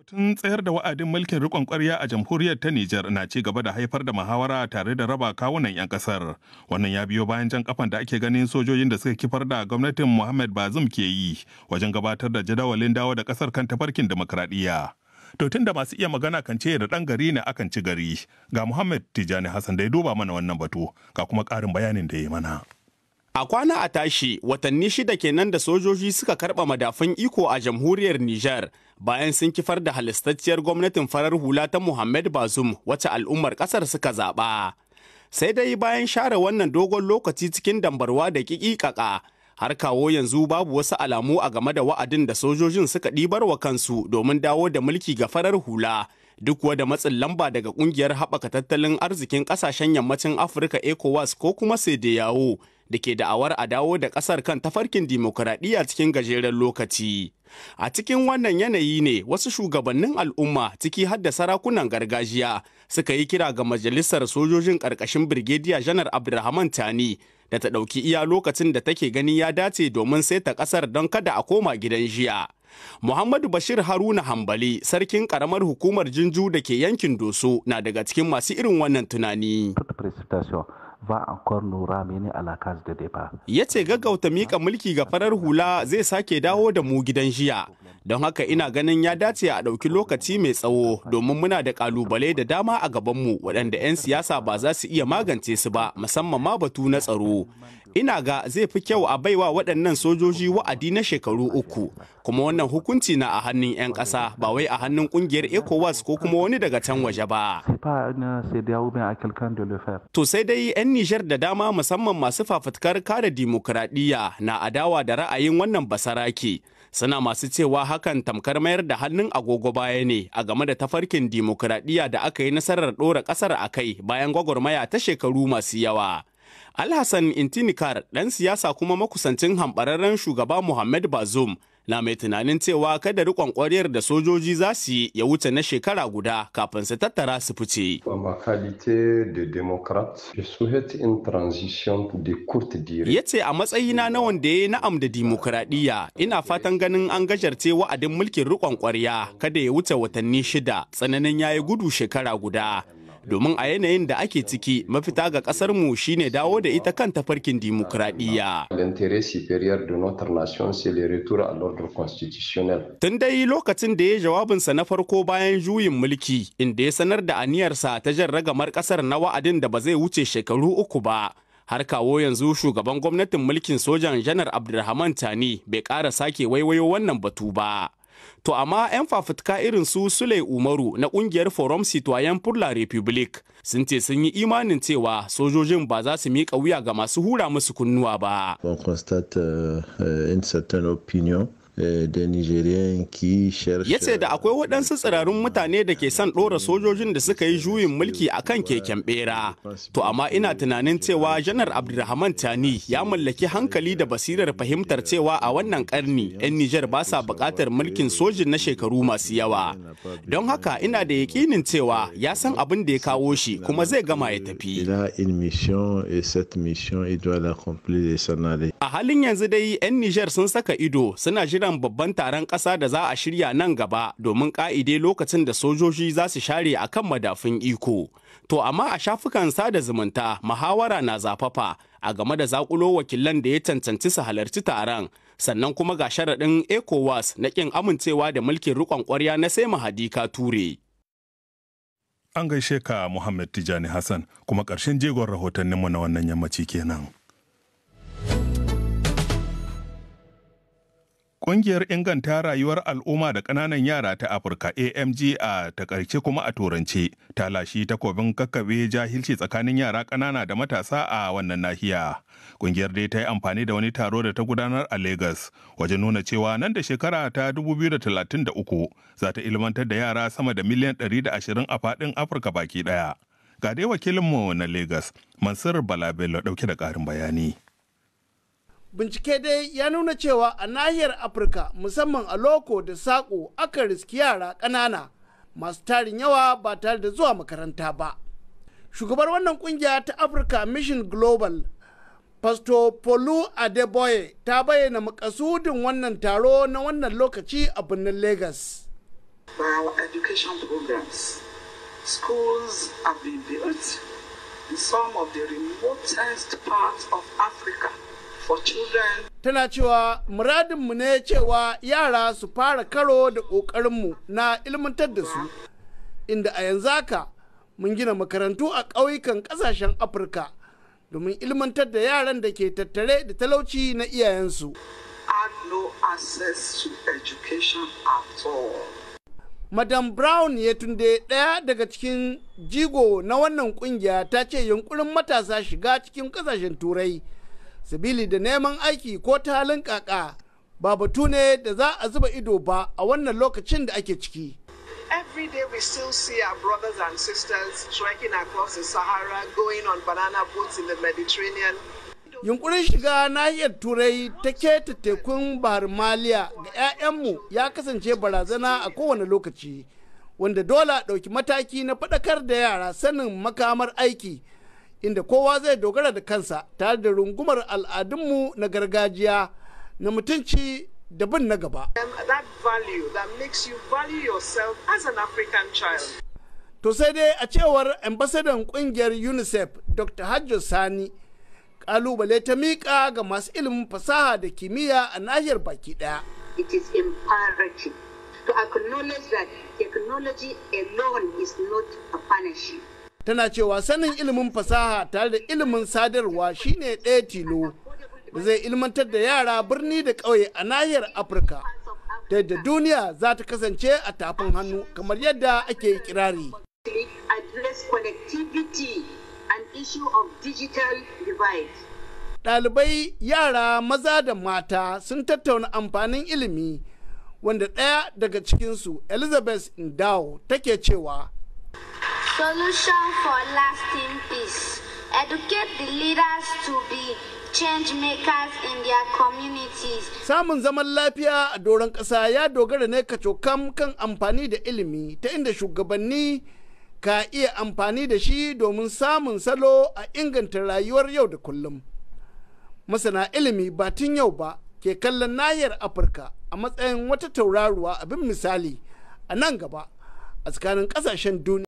Batun tsayar da wa'adin mulkin rikon kwarya a jamhuriyar ta Nijar na ci gaba da haifar da muhawara tare da raba kawunan 'yan kasar. Wannan ya biyo bayan jan kafan da ake ganin sojojin da suka kifar da gwamnatin Muhammad Bazum ke yi wajen gabatar da jadawalin dawo da kasar kan tafarkin demokradiyya. To tun da masu iya magana kan ce da ɗan gari ne akan ci gari. Ga Muhammad Tijani Hassan da ya duba mana wannan batu, ga kuma ƙarin bayanin da ya yi mana. A kwana a tashi watanni shida kenan da sojoji suka karɓa madafun iko a jamhuriyar Nijar bayan sun kifar da halistacciyar gwamnatin farar hula ta Muhammad Bazum wacce al'ummar ƙasar suka zaɓa. Sai dai bayan share wannan dogon lokaci cikin dambarwa da ƙiƙiƙaƙa har kawo yanzu babu wasu alamu a game da wa'adin da sojojin suka ɗibar wa kansu domin dawo da mulki ga farar hula. duk wada matsin lamba daga ƙungiyar haɓaka tattalin arzikin ƙasashen yammacin afirka ecowas ko kuma sai da yawo da ke da'awar a dawo da ƙasar kan tafarkin dimokuraɗiyya cikin gajeren lokaci. A cikin wannan yanayi ne wasu shugabannin al'umma ciki har da sarakunan gargajiya suka yi kira ga majalisar sojojin ƙarƙashin Birgediya Janar Abdulrahman Tani da ta ɗauki iya lokacin da take gani ya dace domin saita ƙasar don kada a koma gidan jiya. Muhammadu Bashir Haruna Hambali, sarkin ƙaramar hukumar Jinju da ke yankin Doso, na daga cikin masu irin wannan tunani. ba a kwarno ramener alakas da depa da Ya ce gaggauta mika mulki ga farar hula zai sake dawo da mu gidan jiya. don haka ina ganin ya dace a ɗauki lokaci mai tsawo domin muna da ƙalubale da dama a gabanmu waɗanda 'yan siyasa ba za su iya magance su ba musamman ma batu na tsaro ina ga zai fi kyau a baiwa waɗannan sojoji wa'adi na shekaru uku kuma wannan hukunci na a hannun 'yan ƙasa ba wai a hannun ƙungiyar ecowas ko kuma wani daga can waje ba to sai dai 'yan nijar da dama musamman masu fafutukar kare dimokuraɗiyya na adawa da ra'ayin wannan basarake suna masu cewa hakan tamkar mayar da hannun agogo baya ne a game da tafarkin dimokuraɗiyya da aka yi nasarar ɗora ƙasar a kai bayan gwagwarmaya ta shekaru masu yawa. Alhassan Intinikar ɗan siyasa kuma makusancin hambararren shugaba Muhammad Bazoum na mai tunanin cewa kada rikon kwariyar da sojoji za su yi ya wuce na shekara guda kafin su tattara su fice. Ya ce a matsayina na wanda ya yi na'am da dimokuraɗiyya ina fatan ganin an gajarce wa'adin mulkin rikon kwarya kada ya wuce watanni shida tsananin ya yi gudu shekara guda. domin a yanayin da ake ciki mafita ga kasar mu shine dawo da ita kan tafarkin dimokuraɗiyya. Tun dai lokacin da ya jawabinsa na farko bayan juyin mulki inda ya sanar da aniyarsa ta jan ragamar kasar na wa'adin da ba zai wuce shekaru uku ba. har kawo yanzu shugaban gwamnatin mulkin sojan janar abdulrahman tani bai ƙara sake waiwayo wannan batu ba To amma 'yan fafutuka irin su Sule Umaru na kungiyar Forum Citoyen pour la République sun ce sun yi imanin cewa sojojin ba za su miƙa wuya ga masu hura musu kunnuwa ba. On constate euh, opinion Eh, da nigerian ki ya ce da akwai waɗansu tsirarun mutane da ke son ɗora sojojin da suka yi juyin mulki a kan keken bera to amma ina tunanin cewa janar abdulrahman tani ya mallaki hankali da basirar fahimtar cewa a wannan karni 'yan nijar ba sa buƙatar mulkin sojin na shekaru masu yawa don haka ina da yaƙinin cewa ya san abin da ya kawo shi kuma zai gama ya tafi a halin yanzu dai 'yan nijar sun saka ido suna jiran babban taron ƙasa da za a shirya nan gaba domin ƙa'ide lokacin da sojoji za su share a kan madafin iko. To amma a shafukan sada zumunta muhawara na zafafa a game da zakulo wakilan da ya cancanci su halarci taron. Sannan kuma ga sharaɗin ECOWAS na ƙin amincewa da mulkin riƙon ƙwarya na sai mahadika ture. An gaishe ka Muhammad Tijani Hassan kuma ƙarshen jegon rahotanninmu na wannan yammaci kenan. Kungiyar inganta rayuwar al'umma da ƙananan yara ta Afirka AMG a takarce kuma a turance ta lashi takobin kakkabe jahilci tsakanin yara ƙanana da matasa a wannan nahiya. Kungiyar dai ta yi amfani da wani taro da ta gudanar a Lagos wajen nuna cewa nan da shekara ta 2033 za ta ilmantar da yara sama da miliyan 120 a faɗin Afirka baki ɗaya. Ga dai wakilinmu na Lagos, Mansur Balabello ɗauke da ƙarin bayani. bincike dai ya nuna cewa a nahiyar afirka musamman a loko da sako aka riski yara ƙanana masu tarin yawa ba tare da zuwa makaranta ba shugabar wannan kungiya ta afirka mission global pasto polu adeboye ta bayyana makasudin wannan taro na wannan lokaci a birnin Legas. our education schools have been built in some of the remotest parts of Africa. Tana cewa muradinmu ne cewa yara su fara karo da ƙoƙarinmu na ilmantar da su, inda a yanzu haka mun gina makarantu a ƙauyukan ƙasashen Afirka domin ilmantar da yaran da ke tattare da talauci na iyayensu. Madam Brown ya tunde ɗaya daga cikin jigo na wannan ƙungiya ta ce yunkurin matasa shiga cikin ƙasashen turai. sabili da neman aiki ko ta halin kaka ba batu ne da za a zuba ido ba a wannan lokacin da ake ciki. Every day we still see our brothers and sisters trekking across the Sahara going on banana boats in the Mediterranean. Yunkurin shiga nahiyar Turai ta keta tekun Bahar Maliya ga 'ya'yanmu ya kasance barazana a kowane lokaci, wanda dole a ɗauki mataki na faɗakar da yara sanin makamar aiki. inda kowa zai dogara da kansa tare da rungumar al'adunmu na gargajiya na mutunci da bin na gaba. To sai dai a cewar ambasadan kungiyar UNICEF Dr. Hajjo Sani kalubale ta miƙa ga masu ilimin fasaha da kimiyya a nahiyar baki ɗaya. It is imperative to acknowledge that technology alone is not a partnership. tana cewa sanin ilimin fasaha tare da ilimin sadarwa shine ɗaya tilo da zai ilmantar da yara birni da ƙauye a nahiyar afirka ta yadda duniya za ta kasance a tafin hannu kamar yadda ake kirari ɗalibai yara maza da mata sun tattauna amfanin ilimi wanda ɗaya daga cikinsu elizabeth ndao take cewa Solution for lasting peace. Educate the leaders to be change makers in their communities. Samun zaman lafiya a doron ƙasa ya dogara ne cokam kan amfani da ilimi ta inda shugabanni ka iya amfani da shi domin samun salo a inganta rayuwar yau da kullum. Masana ilimi ba tun yau ba ke kallon nahiyar Afirka a matsayin wata tauraruwa abin misali a nan gaba a tsakanin ƙasashen duniya.